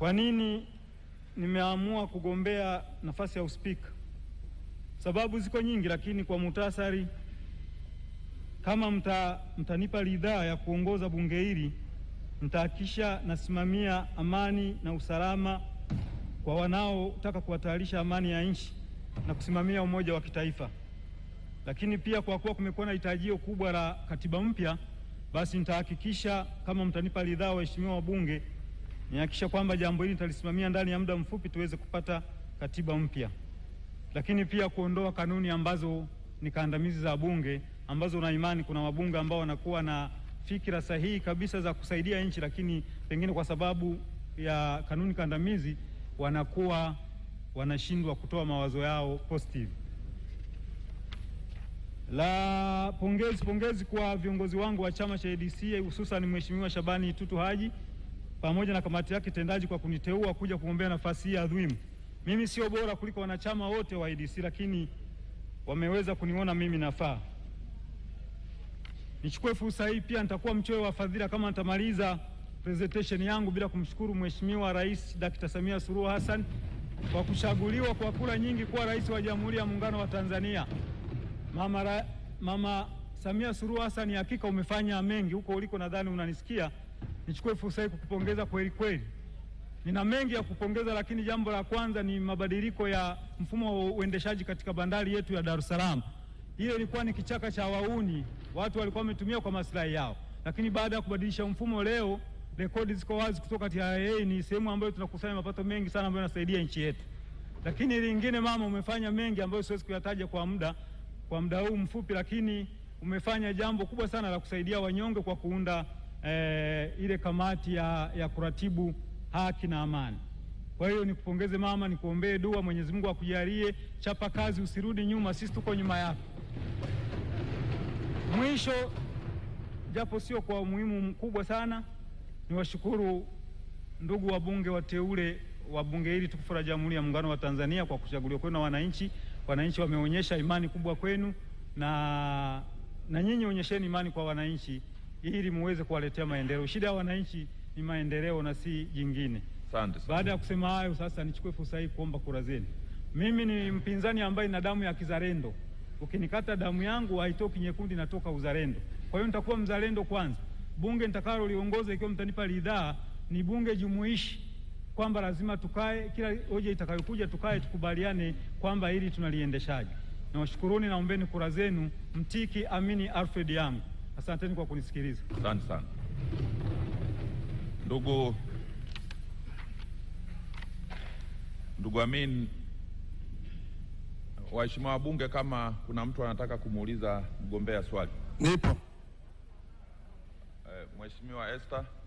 Kwa nini nimeamua kugombea nafasi ya uspika? Sababu ziko nyingi, lakini kwa muhtasari, kama mta, mtanipa ridhaa ya kuongoza bunge hili, nitahakikisha nasimamia amani na usalama kwa wanaotaka kuhatarisha amani ya nchi na kusimamia umoja wa kitaifa. Lakini pia kwa kuwa kumekuwa na hitajio kubwa la katiba mpya, basi nitahakikisha kama mtanipa ridhaa, waheshimiwa wabunge Nihakikisha kwamba jambo hili nitalisimamia ndani ya muda mfupi tuweze kupata katiba mpya, lakini pia kuondoa kanuni ambazo ni kandamizi za bunge ambazo na imani kuna wabunge ambao wanakuwa na fikira sahihi kabisa za kusaidia nchi, lakini pengine kwa sababu ya kanuni kandamizi wanakuwa wanashindwa kutoa mawazo yao positive. La pongezi, pongezi kwa viongozi wangu wa chama cha ADC hususan Mheshimiwa Shabani Tutu Haji pamoja na kamati yake tendaji kwa kuniteua kuja kugombea nafasi hii adhimu. Mimi sio bora kuliko wanachama wote wa IDC, lakini wameweza kuniona mimi nafaa. Nichukue fursa hii pia, nitakuwa mchoyo wa fadhila kama nitamaliza presentation yangu bila kumshukuru Mheshimiwa Rais Dr. Samia Suluhu Hassan kwa kuchaguliwa kwa kura nyingi kuwa rais wa Jamhuri ya Muungano wa Tanzania. Mama, Mama Samia Suluhu Hassan, hakika umefanya mengi huko uliko, nadhani unanisikia nichukue fursa hii kukupongeza kweli kweli. Nina mengi ya kupongeza, lakini jambo la kwanza ni mabadiliko ya mfumo wa uendeshaji katika bandari yetu ya Dar es Salaam. Hiyo ilikuwa ni kichaka cha wauni, watu walikuwa wametumia kwa maslahi yao, lakini baada ya kubadilisha mfumo, leo rekodi ziko wazi kutoka TRA. Ni sehemu ambayo tunakusanya mapato mengi sana ambayo yanasaidia nchi yetu. Lakini lingine, mama, umefanya mengi ambayo siwezi kuyataja kwa muda kwa muda huu mfupi, lakini umefanya jambo kubwa sana la kusaidia wanyonge kwa kuunda eh, ile kamati ya, ya kuratibu haki na amani. Kwa hiyo nikupongeze mama, nikuombee dua, Mwenyezi Mungu akujalie, chapa kazi, usirudi nyuma, sisi tuko nyuma yako. Mwisho japo sio kwa umuhimu mkubwa sana, niwashukuru ndugu wabunge wateule wa bunge hili tukufu la Jamhuri ya Muungano wa Tanzania kwa kuchaguliwa kwenu na wananchi. Wananchi wameonyesha imani kubwa kwenu, na na nyinyi onyesheni imani kwa wananchi ili muweze kuwaletea maendeleo. Shida ya wananchi ni maendeleo na si jingine. Asante. Baada ya kusema hayo, sasa nichukue fursa hii kuomba kura zenu. Mimi ni mpinzani ambaye na damu ya kizalendo. Ukinikata damu yangu haitoki nyekundu, natoka uzalendo. Kwa hiyo nitakuwa mzalendo kwanza. Bunge nitakalo liongoza, ikiwa mtanipa ridhaa, ni bunge jumuishi, kwamba lazima tukae, kila hoja itakayokuja tukae tukubaliane kwamba hili tunaliendeshaje. Nawashukuruni, naombeni kura zenu. Mtiki Amini Alfred yangu Asanteni kwa kunisikiliza. Asante sana ndugu ndugu Amin. Waheshimiwa wabunge, kama kuna mtu anataka kumuuliza mgombea swali, nipo. Eh, Mheshimiwa Esther